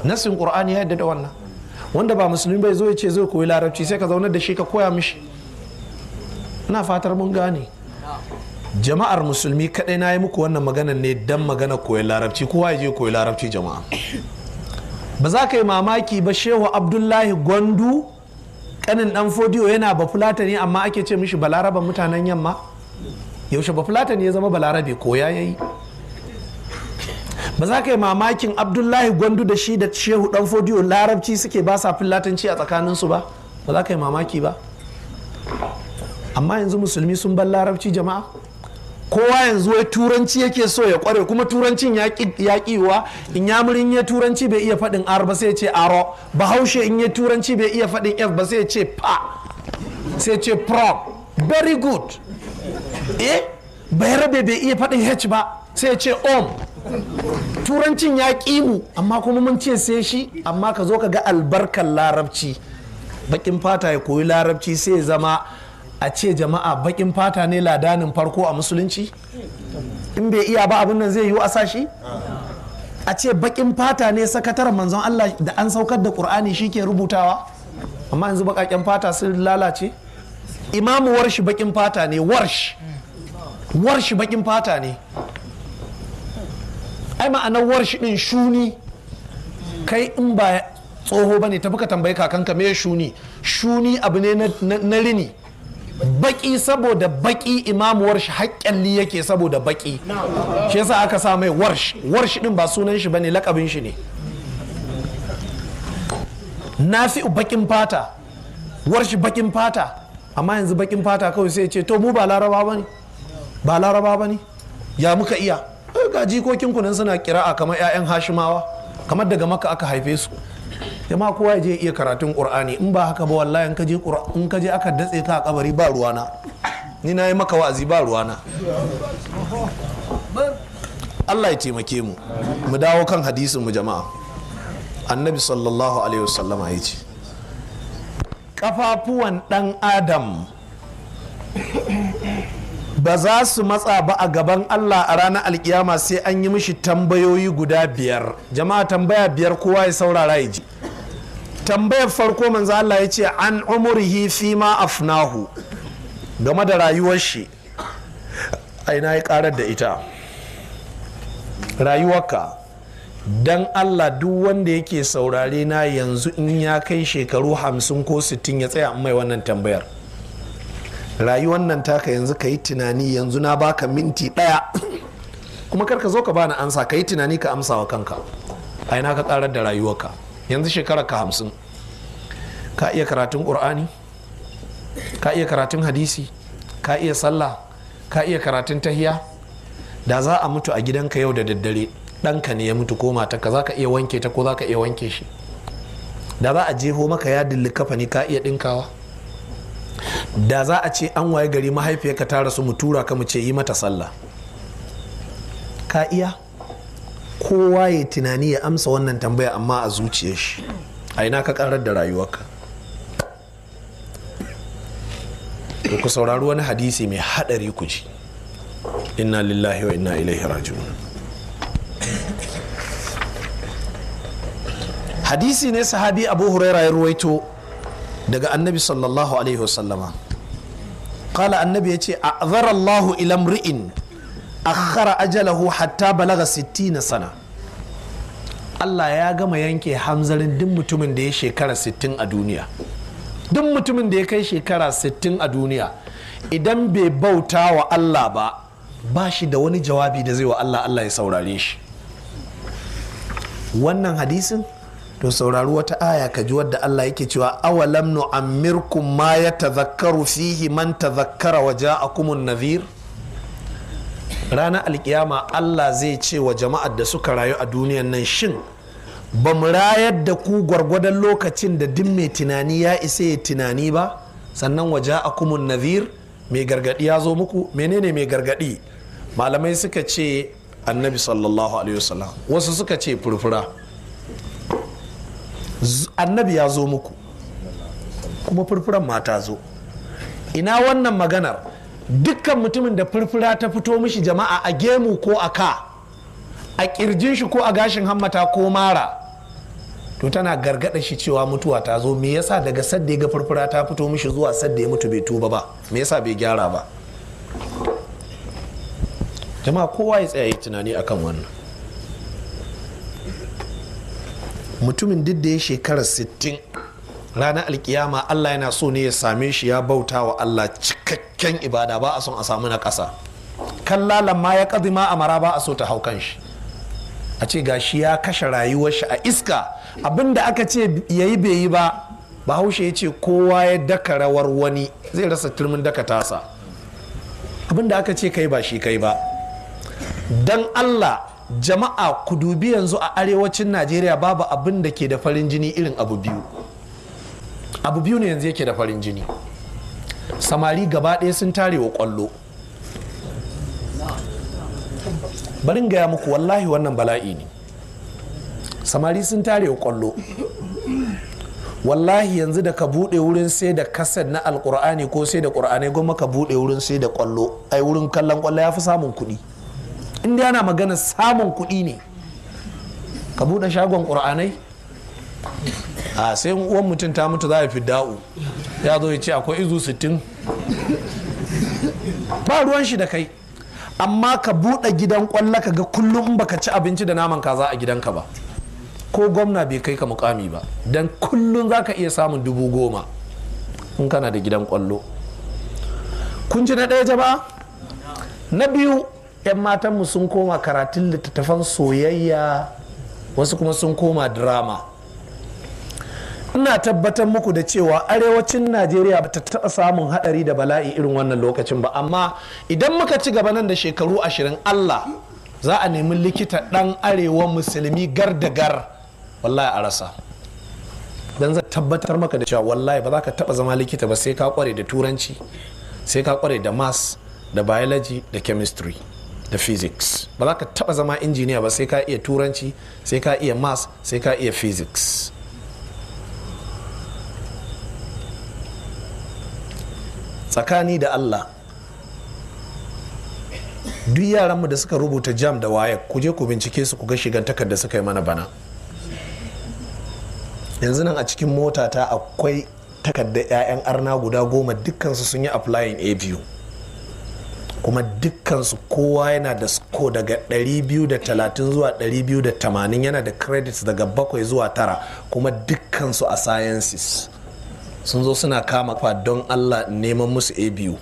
nasin qur'ani ya yadda da wannan wanda ba musulmi ba ya zo ya ce zai koyi larabci sai ka zaunar da shi ka koya mishi ina fatar mun gane jama'ar musulmi kadai na yi muku wannan magana ne dan magana koyi larabci kowa ya je koyi larabci jama'a ba za ka yi mamaki ba shehu abdullahi gwandu kanin dan fodiyo yana ba fulatani amma ake ce mishi balaraban mutanen yamma yaushe ba fulatan ya zama balarabe koya ya yi ba za ka yi mamakin abdullahi gwandu da shi da shehu dan fodiyo larabci suke ba sa fulatanci a tsakaninsu ba ba za ka yi mamaki ba amma yanzu musulmi sun bar larabci jama'a kowa yanzu wai turanci yake so ya kware kuma turancin ya kiwa in murin ya turanci bai iya faɗin r ba sai ce aro bahaushe in ya turanci bai iya faɗin f ba sai ce pa sai ce Pro. very good eh rabe bai iya faɗin h ba sai ya ce om turancin ya mu amma kuma mun ce sai shi amma ka zo ka ga albarkar larabci Baƙin fata ya koyi larabci sai ya zama a ce jama'a baƙin fata ne ladanin farko a musulunci in bai iya ba abin nan zai yiwu a sashi a ce bakin fata ne sakatar manzon Allah da an saukar da ƙur'ani shi ke rubutawa amma yanzu baƙaƙen fata sun lalace imamu warshi bakin fata ne warshi warshi bakin fata ne ai ma'anar warshi din shuni kai in ba tsoho bane tafi ka tambayi kakanka me shuni shuni abu ne na rini baki saboda baki imamu warshi haƙƙalli yake saboda baki shi yasa aka sa mai warsh warshi din ba sunan shi bane lakabin shi ne nafi'u bakin fata warshi bakin fata amma yanzu bakin fata kawai sai ce to mu ba laraba ba ne ba laraba ba ne ya muka iya eh, ga jikokin kunan suna kira'a kamar 'ya'yan hashimawa kamar daga maka aka haife su jama'a kowa ya je iya karatun qur'ani in ba haka ba wallahi in ka je aka datse ka a kabari ba ruwana ni na yi maka wa'azi ba ruwana Allah ya taimake mu mu dawo kan hadisin mu jama'a annabi sallallahu alaihi wasallama ya ce ƙafafuwan ɗan adam ba za su matsa ba a gaban Allah a ranar alkiyama sai an yi mishi tambayoyi guda biyar jama'a tambaya biyar kowa ya saurara ya ji tambayar farko manzo Allah ya ce an umurhi fi ma afnahu game da rayuwar shi aina ya karar da ita rayuwarka don allah duk wanda yake saurare na yanzu in ya kai shekaru hamsin ko sittin ya tsaya mai wannan tambayar rayuwar nan taka yanzu ka yi tunani yanzu na baka minti ɗaya kuma kar ka zo ka bani ansa ka yi tunani ka amsa wa kanka a ina ka karar da rayuwarka yanzu shekarar ka hamsin ka iya karatun ƙur'ani ka iya karatun hadisi ka iya sallah ka iya karatun tahiya da za a mutu a gidanka yau da daddare ɗanka ne ya mutu ko matarka za ka iya wanke ta ko za ka iya wanke shi da za a jeho maka yadin kafa ne ka iya ɗinkawa da za a ce an waye gari mahaifiyarka ta rasu mu tura ka mu ce yi mata sallah ka iya kowa ya tunani ya amsa wannan tambaya amma a zuciyar shi a ina ka karar da rayuwarka to ku saurari wani hadisi mai haɗari ku ji inna lillahi wa inna ilaihi raji'un hadisi ne sahabi abu huraira ya ruwaito daga annabi sallallahu alaihi wasallama kala annabi ya ce a zarallahu ilam ri'in akhara ajalahu hatta balaga sittina sana Allah ya gama yanke hanzarin duk mutumin da ya shekara sittin a duniya duk mutumin da ya kai shekara sittin a duniya idan bai bauta wa Allah ba ba shi da wani jawabi da zai wa Allah Allah ya saurare shi wannan hadisin to saurari wata aya ka ji wadda Allah yake cewa awalam amirkum ma tazakkaru fihi man tazakkara wa ja'akumun nadhir ranar alkiyama Allah zai ce wa jama'ar da suka rayu a duniyan nan shin ba mu rayar da ku gwargwadon lokacin da duk mai tunani ya isa ya tunani ba sannan wa ja'akumun nadhir mai gargadi ya zo muku menene mai gargadi malamai suka ce annabi sallallahu alaihi wasallam wasu suka ce furfura annabi ya zo muku kuma furfuran mata zo ina wannan maganar dukkan mutumin da furfura ta fito mishi jama'a a gemu ko a ka a kirjin shi ko a gashin hammata ko mara to tana gargada shi cewa mutuwa ta zo me yasa daga sadda ga furfura ta fito mishi zuwa sadda ya mutu bai tuba ba me yasa bai gyara ba jama'a kowa ya tsaya tunani akan wannan mutumin duk da ya shekara 60 ranar alkiyama allah yana so ne ya same shi ya bauta wa allah cikakken ibada ba a son a samu na ƙasa kallalan ma ya ƙazima a mara ba a so ta hau kan shi a ce gashi ya kashe rayuwar shi a iska abin da aka ce yayi bai yi ba bahaushe ya ce kowa ya daka rawar wani zai rasa turmin daka tasa Abin da aka ce kai ba shi kai ba dan allah jama'a ku dubi yanzu a arewacin najeriya babu abin da ke da farin jini irin abu biyu abu biyu ne yanzu yake da farin jini samari gaba ɗaya sun tare wa kwallo barin gaya muku wallahi wannan bala'i ne samari sun tare wa kwallo wallahi yanzu da ka buɗe wurin sai da kasar na alkur'ani ko sai da ƙur'anai goma ka buɗe wurin sai da kwallo ai wurin kallon kwallo ya fi samun kuɗi inda yana magana samun kuɗi ne ka buɗe shagon ƙur'anai a sai uwan mutum ta mutu za a fi da'u ya zo ya ce akwai izu sittin ba ruwan shi da kai amma ka buɗe gidan ƙwallo ka ga kullum baka ci abinci da naman kaza a gidanka ba ko gwamna bai kai ka mukami ba don kullum za ka iya samun dubu goma in kana da gidan ƙwallo kun ji na ɗaya jama'a na biyu 'yan matanmu sun koma karatun littattafan soyayya wasu kuma sun koma drama ina tabbatar muku da cewa arewacin najeriya ba ta taɓa samun haɗari da bala'i irin wannan lokacin ba amma idan muka ci gaba nan da shekaru ashirin allah za a nemi likita ɗan arewa musulmi gar da gar wallahi a rasa don zai tabbatar maka da cewa wallahi ba za ka taɓa zama likita ba sai ka kware da turanci sai ka kware da mas da biology da chemistry da physics ba za ka taba zama injiniya ba sai ka iya turanci sai ka iya mass sai ka iya physics tsakani da allah duk yaranmu da suka rubuta jam da waya ku je ku bincike su ku ga shigan takarda suka yi mana bana yanzu nan a cikin mota ta akwai takarda 'ya'yan arna guda goma dukkansu sun yi applying a biyu kuma dukkansu kowa yana da score daga 230 zuwa 280 yana da credits daga bakwai zuwa tara kuma dukkansu a sciences sun zo suna kama fa don allah neman musu a biyu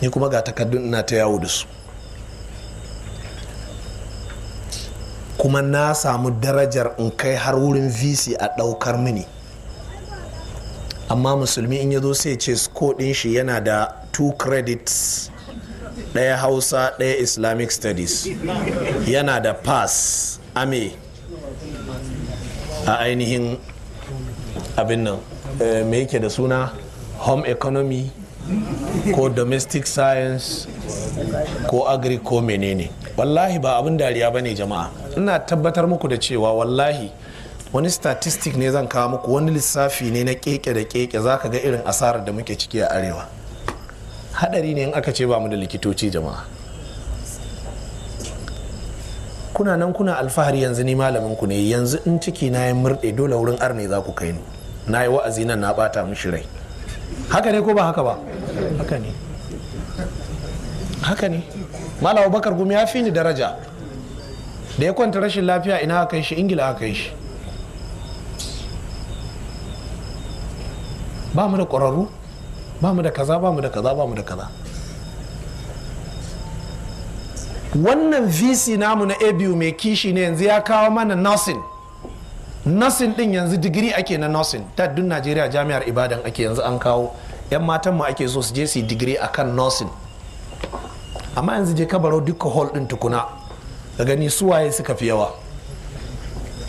ni kuma ga takardun ina ta yawo da su kuma na samu darajar in kai har wurin vc a daukar mini amma musulmi in ya zo sai ce score din shi yana da two credits ɗaya hausa ɗaya islamic studies yana da pass ame a ainihin abin nan eh, me yake da suna home economy ko domestic science ko agri ko menene wallahi ba abin dariya ba ne jama'a ina tabbatar muku da cewa wallahi wani statistic ne zan kawo muku wani lissafi ne na keke da keke za ka ga irin asarar da muke ciki a arewa hadari ne in aka ce ba mu da likitoci jama'a kuna nan kuna alfahari yanzu ni malamin ku ne yanzu in ciki na ya murɗe dole wurin arne za ku kai ni na yi wa'azi nan na bata mishi rai haka ne ko ba haka ba haka ne haka ne malam abubakar gumi ya fi ni daraja da ya kwanta rashin lafiya ina aka yi shi ingila aka yi shi ba mu da ƙwararru ba da kaza ba da kaza ba da kaza wannan vc namu na abu mai kishi ne yanzu ya kawo mana nursing nursing din yanzu digiri ake na nursing ta dun najeriya jami'ar ibadan ake yanzu an kawo yan matan mu ake so su je su digiri digiri akan nursing amma yanzu je ka duka hall din tukuna ka gani waye suka fi yawa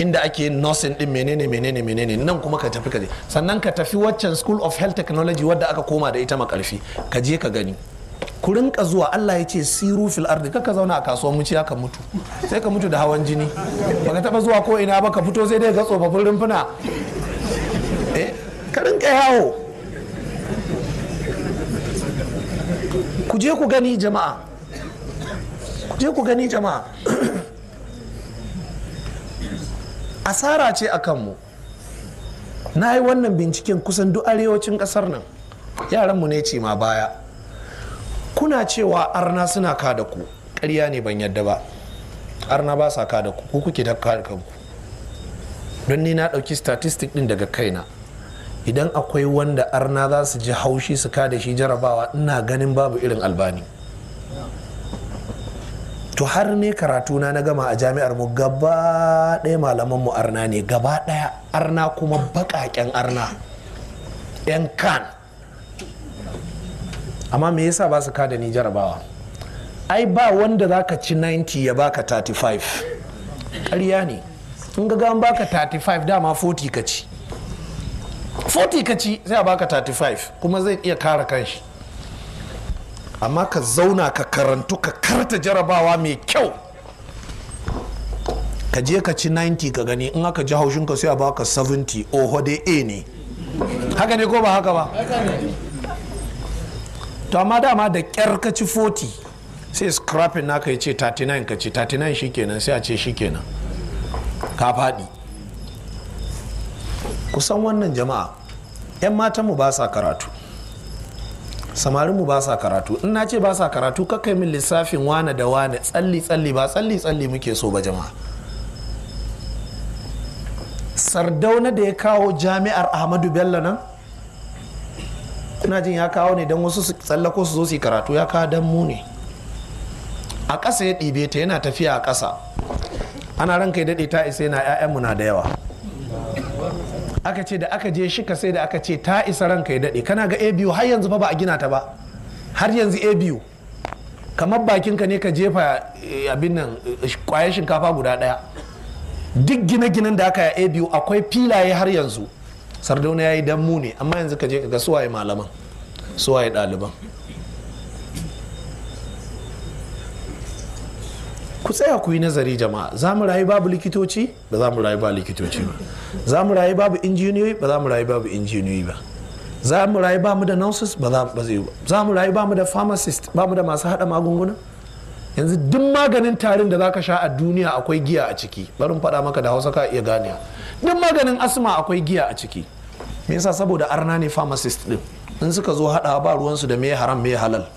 inda ake yin nursing din menene menene menene nan kuma ka tafi ka je sannan ka tafi waccan school of health technology wadda aka koma da ita makarfi ka je ka gani ku ka zuwa Allah ya ce siru fil ardi ka zauna a kasuwar muci ka mutu sai ka mutu da hawan jini baka taba zuwa ko ina ba ka fito sai dai ga tsofaffin rumfuna eh ka yawo ku je ku gani jama'a ku je ku gani jama'a asara ce a kanmu na yi wannan binciken kusan duk arewacin kasar nan yaranmu ne ce ma baya kuna cewa arna suna ka da ku ƙarya ne ban yadda ba arna ba sa ka da ku kuke da ka da kanku don ni na ɗauki statistic ɗin daga kaina idan akwai wanda arna za su ji haushi su ka da shi jarabawa ina ganin babu irin albani to har ne karatu na na gama a jami'ar mu gaba ɗaya malaman mu arna ne gaba ɗaya arna kuma baƙaƙen arna yan kan amma me yasa ba su kada ni jarabawa ai ba wanda za ka ci 90 ya baka 35 ƙarya ne in ga an baka 35 dama 40 ka ci 40 ka ci sai a baka 35 kuma zai iya kara kanshi amma ka zauna ka karantu ka karta jarabawa mai kyau ka je ka ci 90 ka gani in aka ji haushin ka sai a baka 70 oho dai a ne haka ne ko ba haka ba to amma dama da kyar ka ci 40 sai scrapping naka ya ce 39 ka ci 39 shikenan sai a ce shikenan ka faɗi kusan wannan jama'a 'yan matanmu ba sa karatu samarin mu ba sa karatu in na ce ba sa karatu kakai min lissafin wane da wane tsalli tsalli ba tsalli tsalli muke so ba jama'a sardauna da ya kawo jami'ar ahmadu bello nan Kuna jin ya kawo ne don wasu su tsallako su zo su karatu ya kawo don mu ne a ƙasa ya ɗibe ta yana tafiya a ƙasa ana ranka ya daɗe ta isa yana 'ya'yanmu na da yawa aka ce da aka je shi ka sai da aka ce ta isa ranka ya daɗe kana ga a biyu har yanzu fa ba a gina ta ba har yanzu a biyu kamar bakinka ne ka jefa eh, abin nan kwayar eh, shinkafa guda ɗaya duk gine-ginen da aka yi a biyu akwai filaye har yanzu sardauna ya yi dan mu ne amma yanzu ka je ka ga suwaye malaman suwaye ɗaliban ku tsaya ku yi nazari jama'a za mu rayu babu likitoci ba za mu rayu ba likitoci ba za mu rayu babu injiniyoyi ba za mu rayu babu injiniyoyi ba za mu rayu ba mu da nurses ba yi ba za mu rayu ba mu da pharmacist ba mu da masu hada magunguna yanzu duk maganin tarin da zaka sha a duniya akwai giya a ciki barin faɗa maka da hausa ka iya gane duk maganin asma akwai giya a ciki me yasa saboda arna ne pharmacist din in suka zo hada ba ruwansu da me haram me halal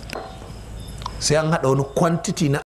sai an hada wani quantity na